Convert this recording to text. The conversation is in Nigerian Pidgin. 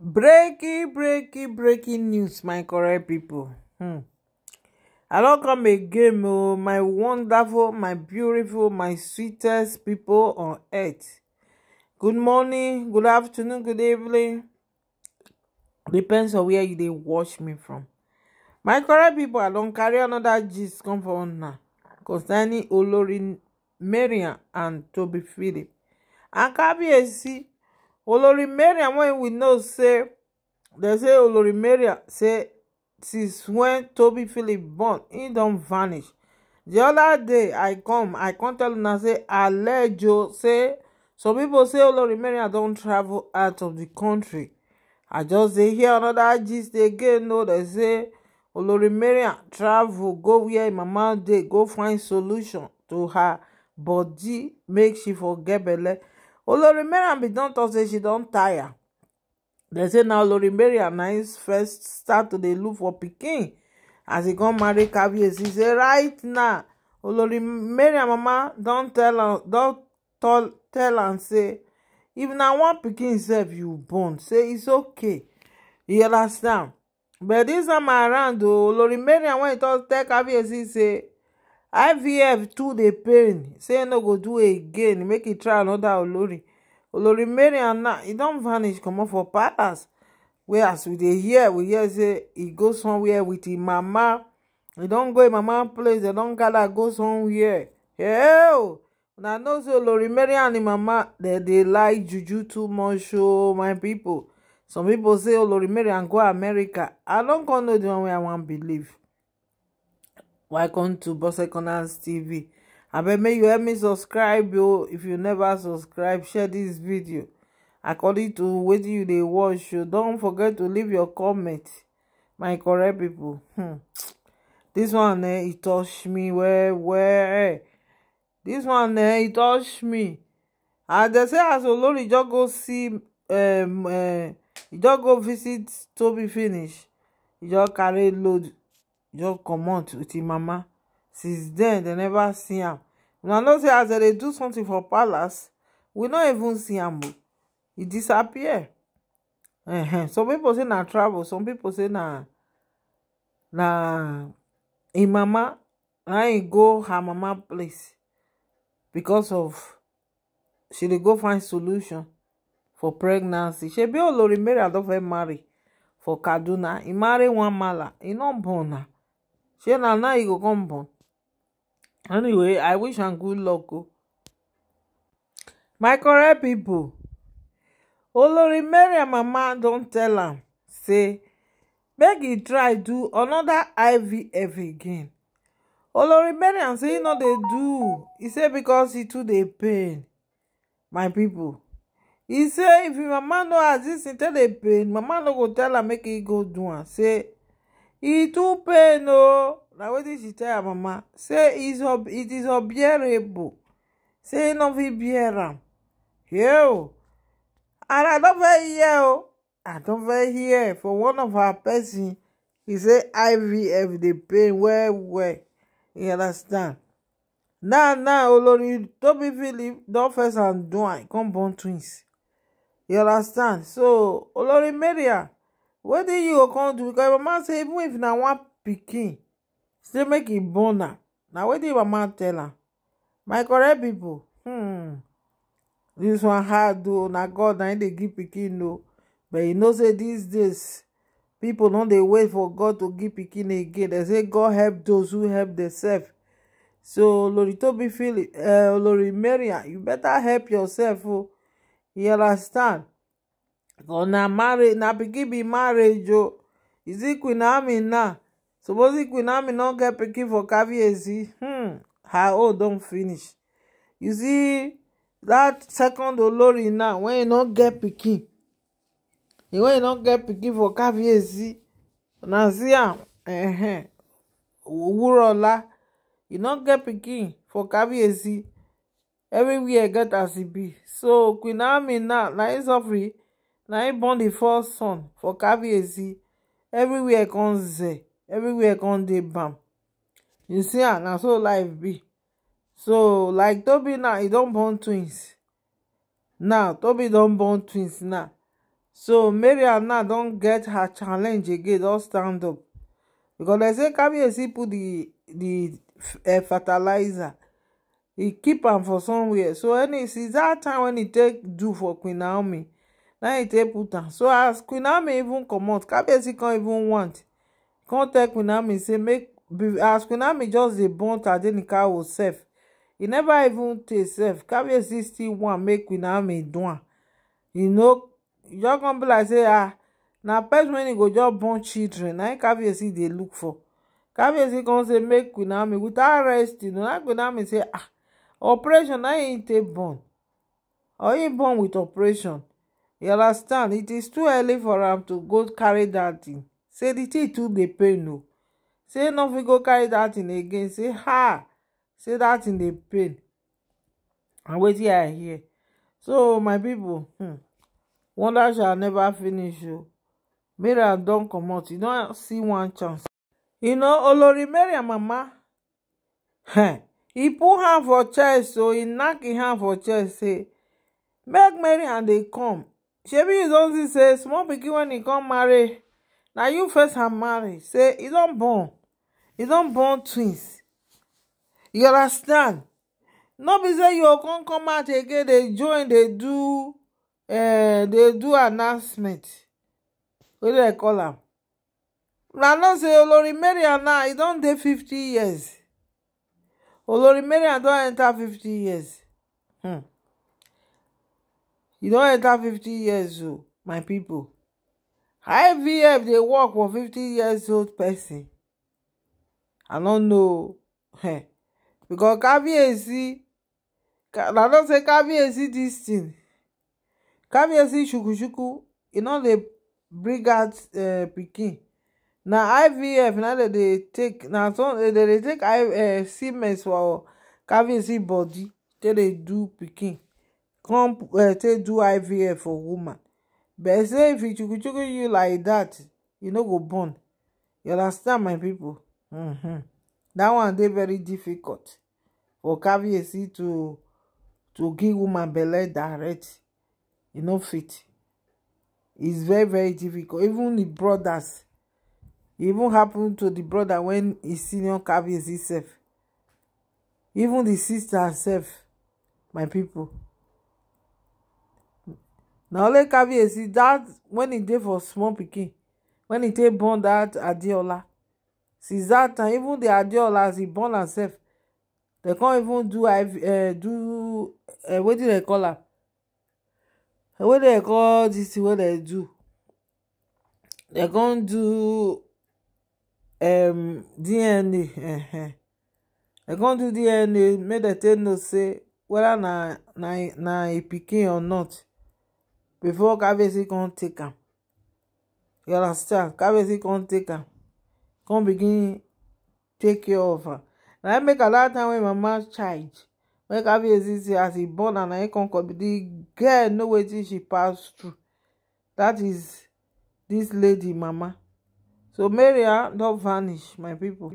breaking breaking breaking news my correct people. hmm i don come again o oh, my wonderful my beautiful my sweetest people on earth good morning good afternoon good evening depends on where you they watch me from my correct people, i don't carry another gist come for now, concerning olori Maria and Toby philip and kabiyesi olori Maria, when we know say they say olori Maria say since when toby philip born he don't vanish The other day i come i come tell I say Joe say some people say olori Maria don't travel out of the country i just say hear another gist again No, they say olori Maria travel go where mama dey go find solution to her body make she forget belle olori mariam bin don tok say she don't tire They say now olori mariam na im first start to the look for pikin as he come marry cavies e say right now olori mariam mama don't tell don't tell tell and say if now one pikin sef you born say its okay you understand but this time around oh, olori mariam wen e tell cavies say ivf too dey pain say e no go do it again make e try another olori olori mary anna e don vanish comot for palace Whereas as we dey hear we hear say he go somewhere with his e mama He don't go in e mama place dem don gather go somewhere eeeeew una know say olori mary and im mama dem they like juju too much ooo oh, my people. some people say olori mary go america i don't come know the one wey i wan believe welcome to Bose Corners TV abeg make you help me subscribe o if you never subscribe share this video according to wetin you dey watch o don forget to leave your comment my correct people. hmm. dis one eh e touch me well well This one eh e touch me as dem say as olori just go see um, uh, just go visit tobi finish e just carry load just comot wit im mama since then they never see am una know say as dem dey do something for palace we no even see am o e disappear -huh. some people say na travel some people say na na im mama na im go her mama place because of she dey go find solution for pregnancy shebi olori mariam don fay marry for kaduna He marry one mala He no born na shey na now he go come born anyway i wish am good luck o my correct pipo olori mariam mama don tell am say make he try do another ivf again olori mariam say e no dey do He say because he too dey pain my pipo He say if im mama no as dis thing tell dey pain mama no go tell am make he go do am say e too pain o na wetin she tell her mama say it is unbearable say e no fit bear am yo and i don very hear o i don very hear for one of her person e say ivf dey pain well well you understand now now olori tobi philip don first and doan come born twins you understand so olori maria wetin you go come do because your mama say even if na one pikin say make e born am na wetin your mama tell am my correct pipo hmm This one hard o na god na im dey give pikin o but you know say these days pipo no dey wait for god to give pikin again dem say god help those who help themselves so olori tobi philip olori eh, maria you better help yourself o you understand or na marriage na pikin be marriage o you see queen amina suppose queen amina no get pikin for caviarcy hmm her own don finish you see dat second olori now wen e no get pikin wen e no get pikin for caviarcy na see am ehem owurola e no get pikin for caviarcy everywhere get as e be so queen now na im suffering na im born di first son for kabiesi everywhere come ze everywhere come dey bam you see am na so life be so like tobi now e don born twins now tobi don born twins now so maryam now don get her challenge again don stand up because dem say kabiesi put di di eh, fertilizer e keep am for somewhere so any since dat time wen e take do for queen naomi na im take put am so as queen naomi even comot kabiyesi come even want come tell queen naomi say make as queen naomi just dey born adenika house sef e never even tey sef kabiyesi still want make queen naomi do am you know you just come be like say ah na person wey go just born children na im kabiyesi dey look for kabiyesi come say make queen naomi without rest you know na queen naomi say ah operation na im take born or im born with operation you understand it is too early for am to go carry dat thing say di thing too dey pain o say no fit go carry dat thing again say ha say dat thing dey pain and wetin i hear so my pipo hmm wonder shall never finish o mariam don comot you don see one chance you know olori mariam mama eh, He put hand for chest so he knack e hand for chest say make mariam dey come shebi you don see say small pikin when e come marry now you first am marry say e don't born e don't born twins you understand no be say you go come come out again They join They do eh, They do announcement do dem call am na know say olori Maria, now e don't dey fifty years olori Maria, don't enter fifty years hmm You don't enter 50 years old my people. ivf they work for 50 years old person. i don't know eh. Because becos caviarcy i don't say caviarcy this thing. caviarcy shukushuku e no dey bring out eh, pikin Now ivf now dem dey take now some eh, they take take semen for caviarcy body take they do pikin come eh, take do ivf for woman but say if e chukuchuku you like that, you no go born you understand my pipo hmm dat one dey very difficult for caviarcy to to give woman belly direct e no fit It's very very difficult even the brothers e even happen to the brother wen e senior caviarcy self. even the sister sef my people na only caviarcy that when e dey for small pikin wen e take born dat adeola since that, time even di adeola as e born herself dem con even do eh, do eh, wetin dem call am wey dem call dis thing wey dem do dem con do um, dna dem eh, con do dna make dem take know say whether na na na e pikin or not before Kabesi can take am you understand Kabesi can take am Can begin take care of her na I make a lot of time when mama child when Kabesi see as he born and I can come the girl no wetin she passed through that is this lady mama so Maria, don't vanish my people.